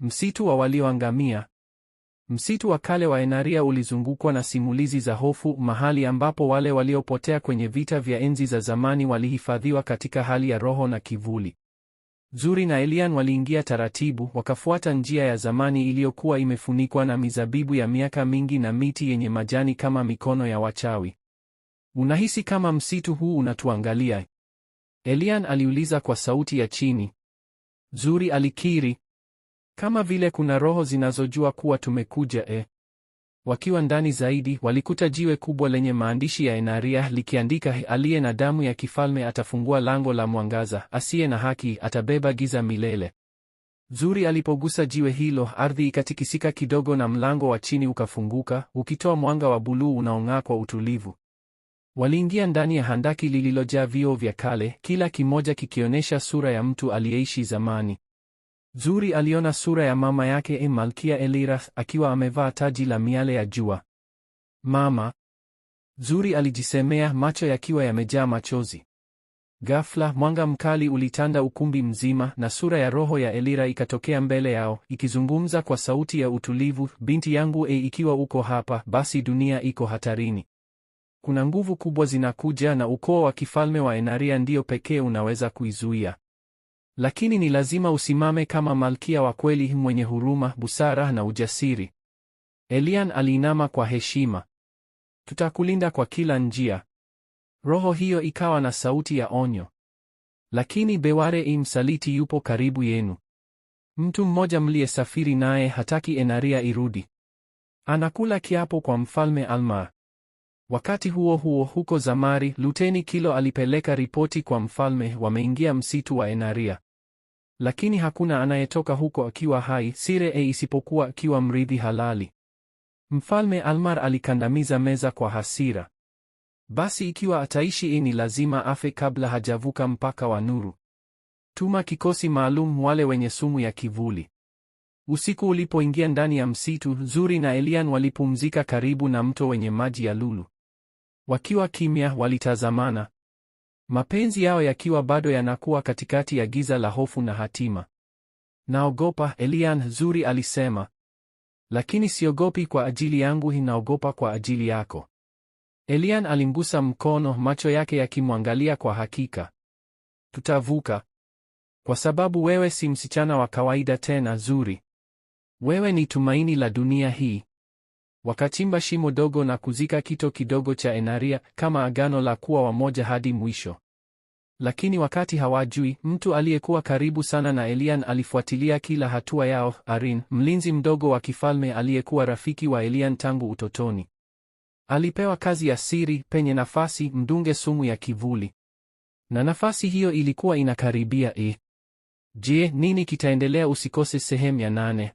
Msitu wa walioangamia. Msitu wa kale wa Enaria ulizungukwa na simulizi za hofu, mahali ambapo wale waliopotea kwenye vita vya enzi za zamani walihifadhiwa katika hali ya roho na kivuli. Zuri na Elian waliingia taratibu, wakafuata njia ya zamani iliyokuwa imefunikwa na mizabibu ya miaka mingi na miti yenye majani kama mikono ya wachawi. Unahisi kama msitu huu unatuangalia? Elian aliuliza kwa sauti ya chini. Zuri alikiri, kama vile kuna roho zinazojua kuwa tumekuja e. Wakiwa ndani zaidi, walikuta jiwe kubwa lenye maandishi ya Enaria likiandika, aliye na damu ya kifalme atafungua lango la mwangaza, asiye na haki atabeba giza milele. Zuri alipogusa jiwe hilo, ardhi ikatikisika kidogo na mlango wa chini ukafunguka, ukitoa mwanga wa buluu unaong'aa kwa utulivu. Waliingia ndani ya handaki lililojaa vioo vya kale, kila kimoja kikionyesha sura ya mtu aliyeishi zamani. Zuri aliona sura ya mama yake e Malkia Elirath akiwa amevaa taji la miale ya jua. Mama, Zuri alijisemea, macho yakiwa yamejaa machozi. Ghafla mwanga mkali ulitanda ukumbi mzima, na sura ya roho ya Elira ikatokea mbele yao ikizungumza kwa sauti ya utulivu, binti yangu e, ikiwa uko hapa, basi dunia iko hatarini. Kuna nguvu kubwa zinakuja, na ukoo wa kifalme wa Enaria ndio pekee unaweza kuizuia. Lakini ni lazima usimame kama malkia wa kweli, mwenye huruma, busara na ujasiri. Elian aliinama kwa heshima. Tutakulinda kwa kila njia. Roho hiyo ikawa na sauti ya onyo. Lakini Beware imsaliti yupo karibu yenu. Mtu mmoja mliyesafiri naye hataki Enaria irudi. Anakula kiapo kwa mfalme Alma. Wakati huo huo, huko Zamari, Luteni Kilo alipeleka ripoti kwa mfalme, wameingia msitu wa Enaria. Lakini hakuna anayetoka huko akiwa hai sire e isipokuwa akiwa mrithi halali. Mfalme Almar alikandamiza meza kwa hasira. Basi ikiwa ataishi e, ni lazima afe kabla hajavuka mpaka wa nuru. Tuma kikosi maalum wale wenye sumu ya kivuli. Usiku ulipoingia ndani ya msitu, Zuri na Elian walipumzika karibu na mto wenye maji ya lulu. Wakiwa kimya, walitazamana. Mapenzi yao yakiwa bado yanakuwa katikati ya giza la hofu na hatima. Naogopa, Elian Zuri alisema, lakini siogopi kwa ajili yangu, inaogopa kwa ajili yako. Elian alimgusa mkono, macho yake yakimwangalia kwa hakika. Tutavuka, kwa sababu wewe si msichana wa kawaida tena, Zuri. Wewe ni tumaini la dunia hii. Wakachimba shimo dogo na kuzika kito kidogo cha Enaria kama agano la kuwa wamoja hadi mwisho. Lakini wakati hawajui, mtu aliyekuwa karibu sana na Elian alifuatilia kila hatua yao, Arin, mlinzi mdogo wa kifalme aliyekuwa rafiki wa Elian tangu utotoni. Alipewa kazi ya siri, penye nafasi, mdunge sumu ya kivuli. Na nafasi hiyo ilikuwa inakaribia. E, je, nini kitaendelea? Usikose sehemu ya nane.